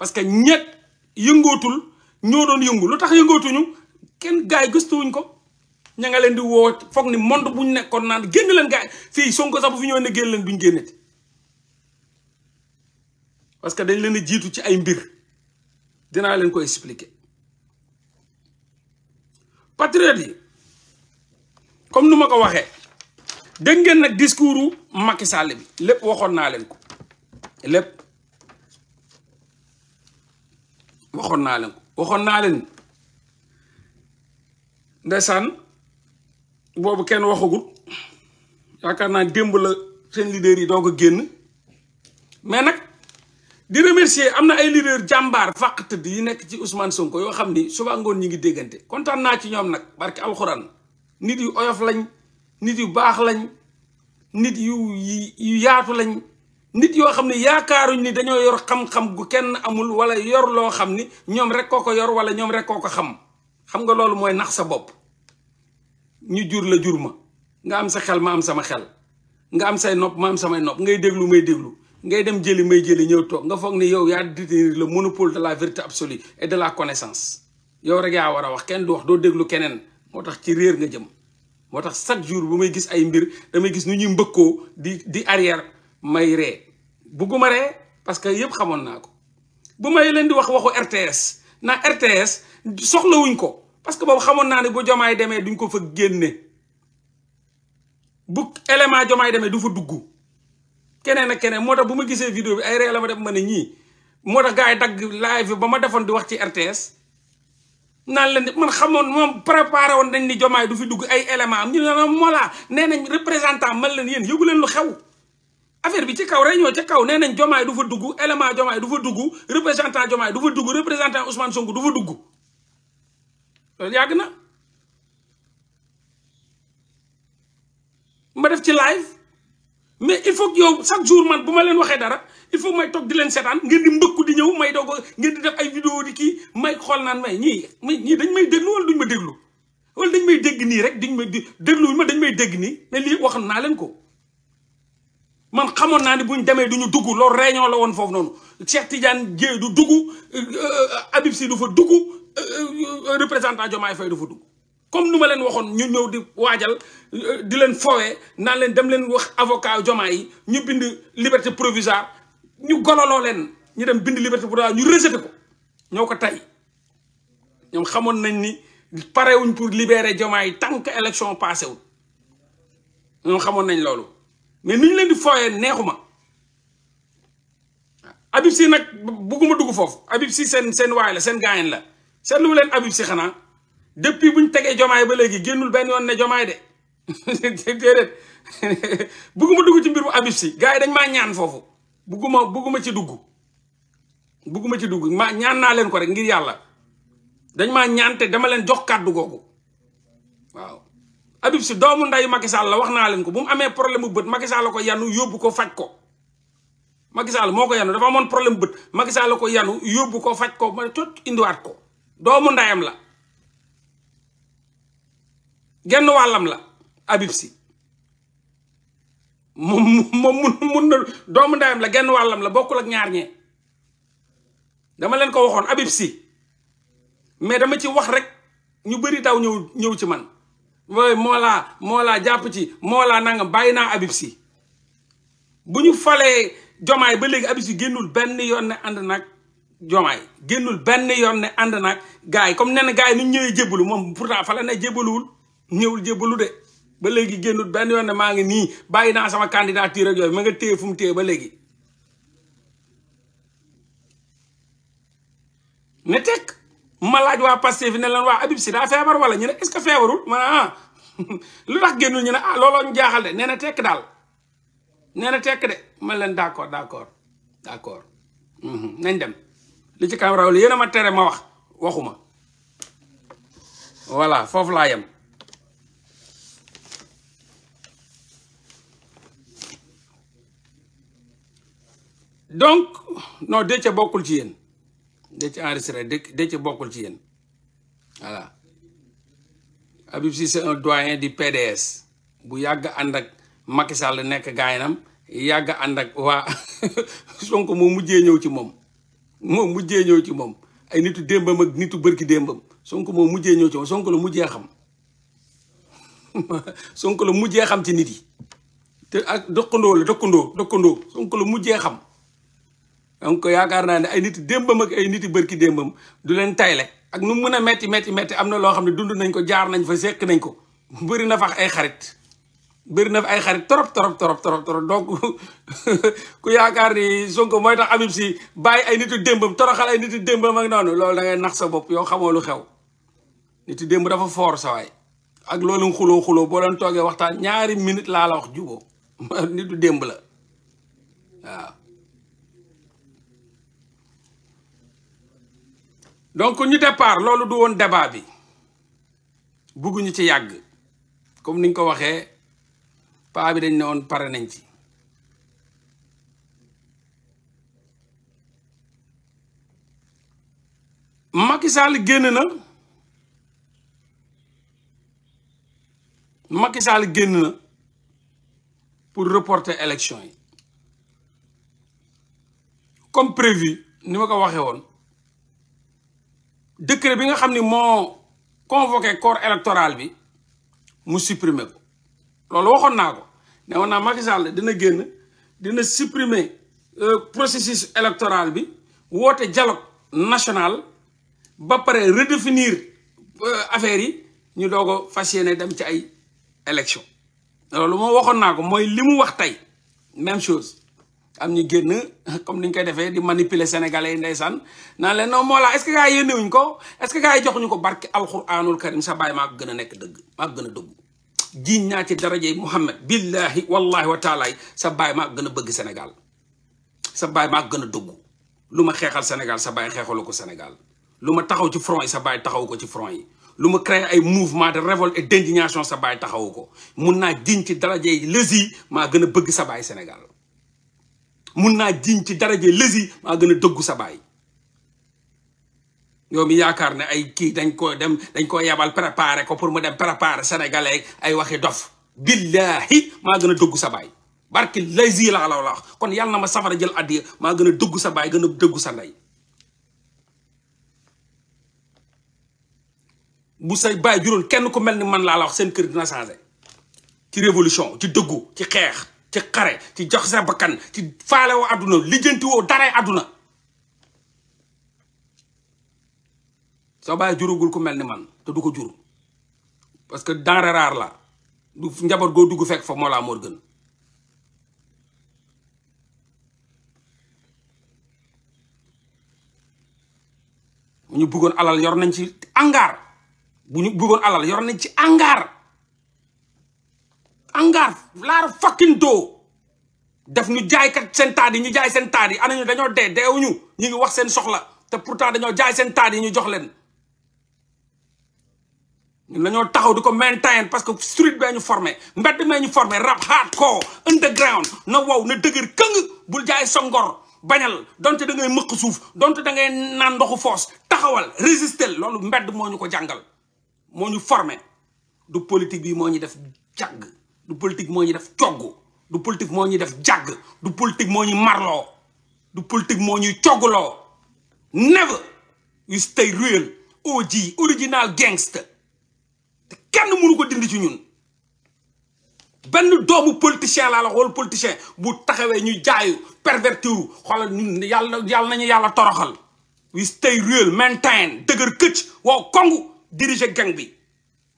parce que ñett yëngootul ñoo doon yëngu lu tax yëngootuñu kenn gars yi gëstuwuñ ko ña nga leen di woo foog ni bu buñ nekkoon naan génn leen gars yi fii Sonko sax bu fi ñëwee ne leen duñ génneti parce que dañ leen a jiitu ci ay mbir dinaa leen ko expliquer patriote yi comme nu ma ko waxee dégg ngeen nag discoursu Macky Sall bi lépp waxoon naa leen ko lépp waxoon naa leen ko waxoon naa leen ndeysaan boobu kenn waxagut yaakaar naa démb la seen leader yi doog a génn mais nag di remercier am na ay leader jàmbaar fàq tëdd yi nekk ci Ousmane Sonko yoo xam ni suba ngoon ñi ngi déggante kontaan naa ci ñoom nag barki alxuraan nit yu oyof lañ nit yu baax lañ nit yu yu yaatu lañ nit yoo xam ne yaakaaruñ ni dañoo yor xam-xam gu kenn amul wala yor loo xam ni ñoom rek koo ko yor wala ñoom rek koo ko xam xam nga loolu mooy nax sa bopp ñu jur la jur ma nga am sa xel ma am sama xel nga am say nopp ma am samay nopp ngay déglu may déglu ngay dem jëli may jëli ñëw toog nga foog ne yow yaa détenir le monopole de la vérité absolue et de la connaissance yow rek yaa war a wax kenn du wax doo déglu keneen moo tax ci réer nga jëm moo tax chaque jour bu may gis ay mbir damay gis nu ñuy mbëkkoo di di arrière may ree bugguma ree parce que yëpp xamoon naa ko bu may leen di wax waxu RTS na RTS soxlawuñ ko parce que boobu xamoon naa ne bu jomaay demee duñ ko fa génne bu élément jomaay demee du fa dugg keneen ak keneen moo tax bu ma gisee vidéo bi ay ree la ma def ma ne ñii moo tax gaa yi dagg live ba ma defoon di wax ci RTS naan leen man xamoon moom préparé woon nañ ni jomaay du fi dugg ay élément am ñu ne la Mollah nee nañ représentant man leen yéen yëgu leen lu xew affaire bi ci kaw réunion ca kaw nee nañ jomaay du fa dugg élément jomaay du fa dugg représentant jomaay du fa dugg représentant Ousmane Sonko du fa dugg loolu yàgg na ma def ci live mais il faut yow chaque jour man bu ma leen waxee dara il faut may togg di leen seetaan ngir di mbëkku di ñëw may doog ngir di def ay vidéo di kii may xool naan may ñii ñii dañ may déglu wala duñ ma déglu wala dañ may dëgg nii rek duñ ma dégluwuñ ma dañ may dégg nii mais lii wax naa leen ko man xamoon naa ne bu ñu demee du ñu dugg loolu réunion la woon foofu noonu Cheikh Tidiane Dièye du dugg euh, Habib Sy du fa dugg euh, représentant Diomaye Faye du fa dugg. comme nu ma leen waxoon ñu ñëw di waajal euh, di leen foowee naan leen dem leen wax avocat Diomaye yi ñu bind liberté provisoire ñu gololoo leen ñu dem bind liberté provisoire ñu rejeté ko ñoo ko tey ñoom xamoon nañ ni parewuñ pour libérer Diomaye yi tant que élection passé wul ñoom xamoon nañ loolu. mais ni ñu leen di fooyee neexuma Habib Sy nag bugguma dugg foofu Habib Sy seen seen waay la seen gaayen la seetlu wu leen Habib Sy xanaa depuis bu ñu tegee jomaay ba léegi génnul benn yoon ne jomaay de déedéet bugguma dugg ci mbir bu Habib Sy gars yi dañ maa ñaan foofu bugguma bugguma ci dugg bugguma ci dugg ma ñaan naa leen ko rek ngir yàlla dañ maa ñaan te dama leen jox kàddu googu Habib si doomu nday Macky Sall la wax naa leen ko bu mu amé problème bu bët Macky Sall ko yanu yobbu ko fajj ko Macky Sall moo yanu dafa amone problème beut Macky Sall ko yanu yobbu ko fajj ko ma indi wat ko doomu ndayam la genn walam la Habib si moom moom mun doomu ndayam la genn walam la bokul ak ñaar ñe dama len ko waxone Habib si mais dama ci wax rek ñu bari taw ñew ñew ci man mooy moolaa moolaa jàpp ci moolaa nangam bàyyi naa Habib Sy bu ñu falee jomaay ba léegi Habib si génnul benn yoon ne ànd nag jomaay génnul benn yoon ne ànd nag gars yi comme nee na yi nu ñëwee jébbalu moom pourtant fale ne jébbaluwul ñëwul jébbalu de ba léegi génnul benn yoon ne maa ngi nii bàyyi naa sama candidature ak yooyu ma nga téye fu mu téye ba léegi ne tekk ma laaj waa Pastef ne leen waa Habib Sy daa feebar wala ñu ne est-ce que feebarul ma ah lu tax génnul ñu ne ah looloo jaaxal de nee na tekk daal nee na tekk de man leen d' accord d' accord accord mhm, nañ dem li ci kanam raw li yéen a ma tere ma wax waxuma voilà foofu laa yem donc noo dëcc bokkul ci yéen dëcc enregistré dëcc bokkul ci yéen voilà Habib Cissé un doyen di PDS bu yàgg ànd ak Macky Sall nekk nam yàgg ànd ak waa Sonko moo mujjee ñëw ci moom moom mujjee ñëw ci moom ay nitu démbam ak nittu bërki démbam sonk moom mujjee ñëw ci moom Sonko la mujjee xam Sonko la mujjee xam ci nit te ak dëkkandoo la dëkkandoo dëkkandoo Sonko la mujjee xam donc yaakaar naa ne ay nit démbam ak ay niti bërki démbam du leen tayle ak nu mën a metti metti metti am na loo xam ne dund nañ ko jaar nañ fa sekk nañ ko bëri na fax ay xarit bëri na ay xarit trop trop trop trop trop donc ku yaakaar ni Sonko mooy tax Habib Sy bàyyi ay nit démbam toroxal ay nitu démbam ak noonu loolu da ngay nax sa bopp yow xamoo lu xew nitu démb dafa foor sa ak loolu xuloo xuloo boo leen toogee waxtaan ñaari minute laa la wax juboo nitu démb la waaw donc ñu départ lors du débat bi yag, comme nous ko waxee pa bi dañ ne nañ Macky Sall Macky Sall pour reporter l'élection. comme prévu nous ko décret bi nga xamni mo convoquer corps électoral bi mu supprimer ko loolu waxon nako ko ne Macky Sall dina génn dina supprimer euh, processus électoral bi woté dialogue national ba paré redéfinir euh, affaire yi ñu dogo a dem ci ay élection loolu mo waxon nako moy limu wax tay même chose am ñu génn comme ni ñu koy defee di manipuler sénégalais yi ndeysaan naan leen non Mollah est-ce que gars yi yéene wuñ ko est-ce que gars yi joxuñu ko barke alxuraanul karim sa bàyyi maa gën a nekk dëgg maa gën a dëgg jiiñ naa ci darajey Muhammad billahi wallahi wa taalaay sa baay maa gën a bëgg Sénégal sa bàyyi maa gën a dëgg lu ma xeexal Sénégal sa bàyyi xeexalu ko Sénégal lu ma taxaw ci front yi sa bàyyi taxaw ko ci front yi lu ma créer ay mouvement de révolte et d'indignation sa baay taxawu ko mun naa jiiñ ci darajey lesi maa gën a bëgg sa baay Sénégal mën na jiñ ci daraje lezi ma gëna dëgg sa bay yow mi yaakar ne ay ki dañ ko dem dañ ko yabal préparer ko pour mu dem préparer sénégalais ay waxi dof billahi ma gëna dëgg sa bay barki lezi la la wax kon yalla na ma safara jël addi ma gëna dëgg sa bay gëna dëgg sa nday bu say bay juróon kenn ku melni man la la wax sen keur dina changer ci révolution ci dëggu ci xeex ci xare ci jox sa bakkan ci faale wo aduna lijeenti wo dara aduna so bàyyi jurugul ku melni man te du ko jur parce que denrée rare la du njabot go dugg fek fa moo laa moor gën ñu bëggoon alal yor nañ ci angar bu ñu bëggoon alal yor nañ ci angar angar lar fucking do. def ñu jaay kat sen taadi ñu jaay sen taadi ana ñu dañoo dé deewuñu ñu ngi wax sen soxla te pourtant dañoo jaay sen taadi ñu jox leen ñu lañoo taxaw diko maintain parce que street bee ñu formé mbedd mee ñu formé rap hardcore underground na wow na dëgër keung bul jaay songor ngor bañal donte da ngay mëq suuf donte da ngay nan ndoxu force taxawal résister lolu mbedd moñu ko jangal moñu formé du politique bi moñu def jagg du politik moo ñu def cogg du politique moo ñuy def jàgg du politique moo ñu marloo du politique moo ñuy coggloo never you stay real OG original gangster te kenn mënu ko dindi ci ñun benn doomu politicien laa la wala politicien bu taxawee ñu jaayu pervertiru xoolal ñun na yàlla nañu yàlla toroxal wi stay real maintain dëgër këcc waaw kongu diriger gang bi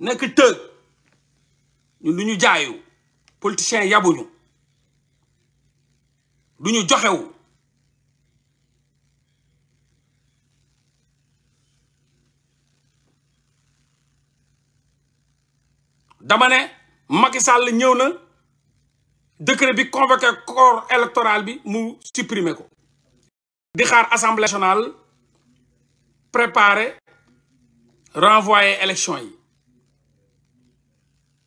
nekk tëg Nous nous ñu jaayu politiciens Nous du ñu joxewu dama ne Macky Sall ñëw na décret bi convoqué corps électoral bi mu supprimer ko di xaar assemblée nationale préparer renvoyer élection yi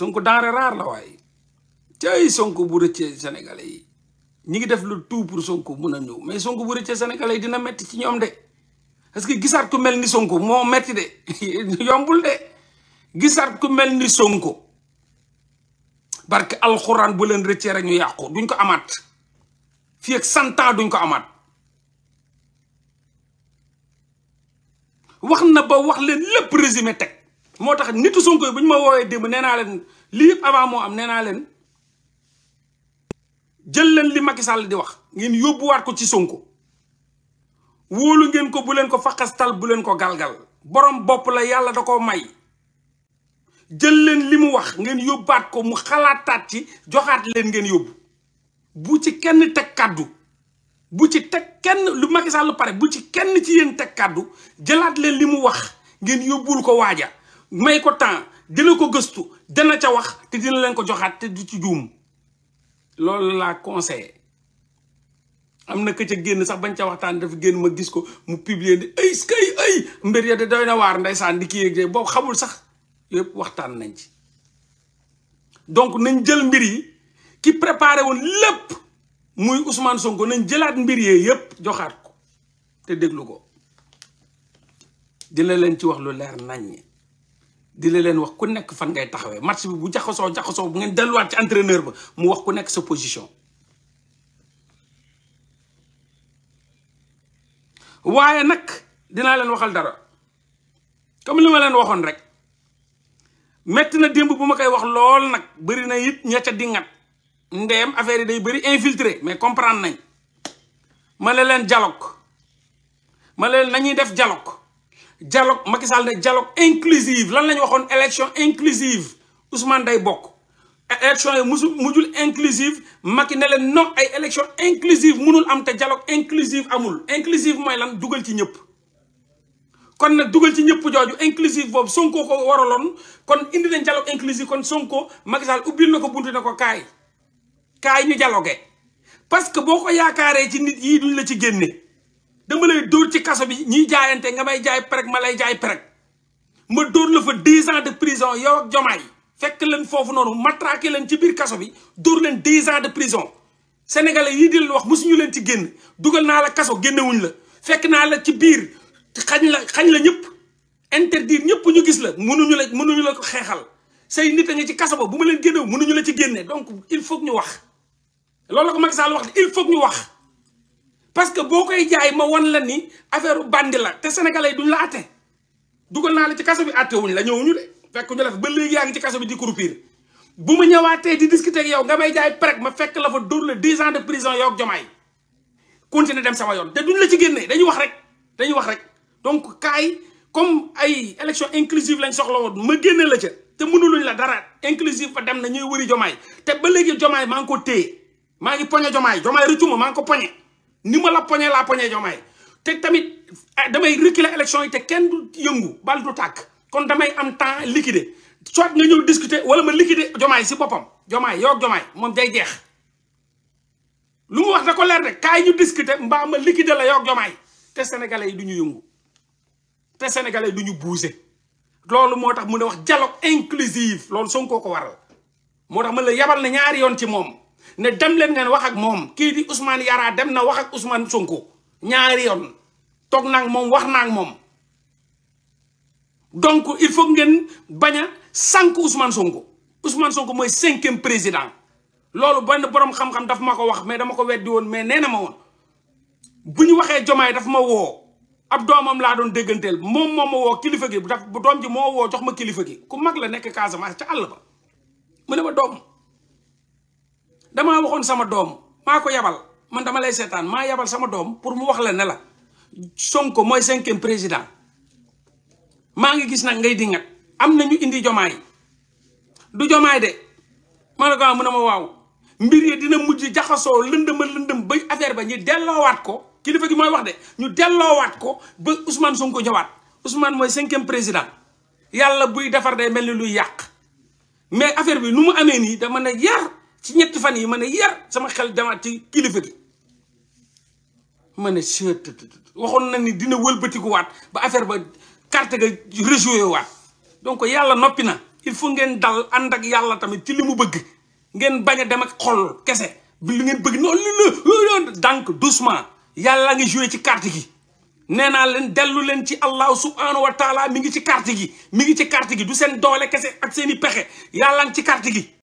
Sonko denrée rare la waaye cay Sonko bu rëccee sénégalais yi ñi ngi def lu tout pour Sonko mun a ñëw mais Sonko bu rëccee sénégalais yi dina metti ci ñoom de parce que gisaat ku mel ni Sonko moo metti de yombul de gisaat ku mel ni Sonko barke alxuraan bu leen rëccee rek ñu yàqu duñ ko amaat fii ak cent duñ ko amaat wax na ba wax leen lépp résumé teg motax nitu Sonko buñ ma wowe dem neena len li lii avant mo am neena len leen jël li Macky Sall di wax ngeen wat ko ci Sonko wolu ngeen ko bu len ko faxastal bu len ko galgal borom bop la yalla dako may jël len limu wax ngeen yobbat ko mu xalaataat ci joxat len ngeen yobbu bu ci kenn tek kaddu bu ci tek kenn lu Macky Sall pare bu ci kenn ci yeen tek kaddu jëlaat len limu wax ngeen yobul ko may ko tan dina ko geustu dana ca wax te dina len ko joxat te du ci djoum lolou la conseil amna ke ca genn sax bañ ca waxtan dafa genn ma gis ko mu publier ni ay skay ay mbir ya de doyna war ndaysan di kii yeeg boobu xamul sax yëpp waxtan nañ ci donc nañ jël mbir yi ki préparer won lepp muy Ousmane Sonko nañ jëlaat mbir ye yëpp joxat ko te deglu ko dina len ci wax lu leer nañ di la leen wax ku nekk fan ngay taxawee match bi bu jaxasoo jaxasoo bu ngeen delluwaat ci entraîneur ba mu wax ku nekk sa position. waaye nag dinaa leen waxal dara comme li ma leen waxoon rek metti na démb bu ma koy wax lool nag bëri na it ña ca dingat ndeem affaire day bëri infiltré mais comprendre nañ ma ne leen dialogue ma ne leen nañuy def dialogue dialogue Macky Sall ne dialogue inclusive lan la ñu waxoon élection inclusive Ousmane day bokk e-, élection yi musul mujjul inclusive Macky ne leen non ay élection inclusive munul am te dialogue inclusive amul inclusive mooy lan dugal ci ñëpp kon nag dugal ci ñëpp jooju inclusive boobu sonkoo ko waraloon kon indi nañ dialogue inclusive kon Sonko Macky Sall ubbil na ko buntu na ko kaay kaay ñu dialogue parce que boo ko yaakaaree ci nit yii duñ la ci génne dama lay dóor ci kaso bi ñuy jaayante nga may jaay prek ma lay jaay prek ma dóor la fa dix ans de prison yow ak jomaay fekk leen foofu noonu matraqué leen ci biir kaso bi dóor leen dix ans de prison sénégalais yii di leen wax mosuñu leen ci génn dugal naa la kaso génnewuñ la fekk naa la ci biir xañ la xañ la ñëpp interdire ñëpp ñu gis la mënuñu la mënuñu la ko xeexal say nit a nga ci kaso ba bu ma leen génnew mënuñu la ci génne donc il faut ñu wax loolu la ko Macky Sall wax il wax parce que bokay jaay ma won la ni affaire bandi la te sénégalais duñ la atte dugal naa la ci kasso bi até wuñ la ñëwuñu dé fekk ñu la ba légui yaa ngi ci kasso bi di corrupir bu mu ñëwaatee di discuter ak yow nga may jaay prek ma fekk la fa dur le 10 ans de prison yow ak jomay continue dem sama yoon te duñ la ci génné dañuy wax rek dañuy wax rek donc kay comme ay élection inclusive lañ soxla won ma génné la ca te mënuluñ la dara inclusive fa dem na ñuy wëri jomay te ba légui jomay ma ngi ko téye ma ngi poñe jomay jomay rëccu ma ngi ko poñe ni ma la poñe laa poñe Diomaye te tamit eh, damay reculer élection yi te kenn du yëngu bal du tàkk kon damay am temps likide soit nga ñëw discuter wala ma liquider Diomaye si boppam Diomaye yow Diomaye moom day jeex lu mu wax da ko leer rek kaay ñu discuter mbaa ma liquider la yow Diomaye te sénégalais yi du ñu yëngu te sénégalais yi du ñu bouger loolu moo tax mu ne wax dialogue inclusive loolu Sonko ko waral moo tax mën la yabal na ñaari yoon ci moom ne dem leen ngeen wax ak moom kii di Ousmane yaraa dem na wax ak Ousmane Sonko ñaari yoon toog naa ak moom wax naa ak moom donc il faut ngeen bañ a sànq Ousmane Sonko Ousmane Sonko mooy cinquième président loolu benn borom xam-xam daf ma ko wax mais dama ko weddi woon mais nee na ma woon bu ñu waxee jomaay daf ma woo ab doomam laa doon dégganteel moom moo ma woo kilifa gi daf doom ji moo woo jox ma kilifa gi ku mag la nekk Casamance ca àll ba mu ne ma doom. dama waxone sama dom, mako yabal man dama lay setan ma yabal sama dom, pour mu wax la ne la Sonko 5e president ma ngi gis nak ngay di am indi jomaay du jomaay de ma ne ko ah, mu na ma waw mbir ye dina mujj jaxaso lendeum lendeum bay affaire ba ñu wat ko kilifa gi moy wax de ñu wat ko ba Ousmane Sonko ñëwaat Ousmane 5e president yalla buy defar day melni luy mais affaire bi numu amé ni dama na yar. ci ñetti fan yi ma ne yar sama xel demaat ci kilifa gi si ne seet waxoon na ni dina wëlbatikuwaat ba affaire ba carte ga rejoué waat donc yàlla noppi na il faut ngeen dal ànd ak yàlla tamit ci li mu bëgg ngeen bañ a dem ak xol kese bi li ngeen bëgg noonu li la donc doucement yàlla ngi joué ci carte gi nee naa leen dellu leen ci allahu subhanahu wa taala mi ngi ci carte gi mi ngi ci carte gi du seen doole kese ak seen i pexe yàlla ngi ci carte gi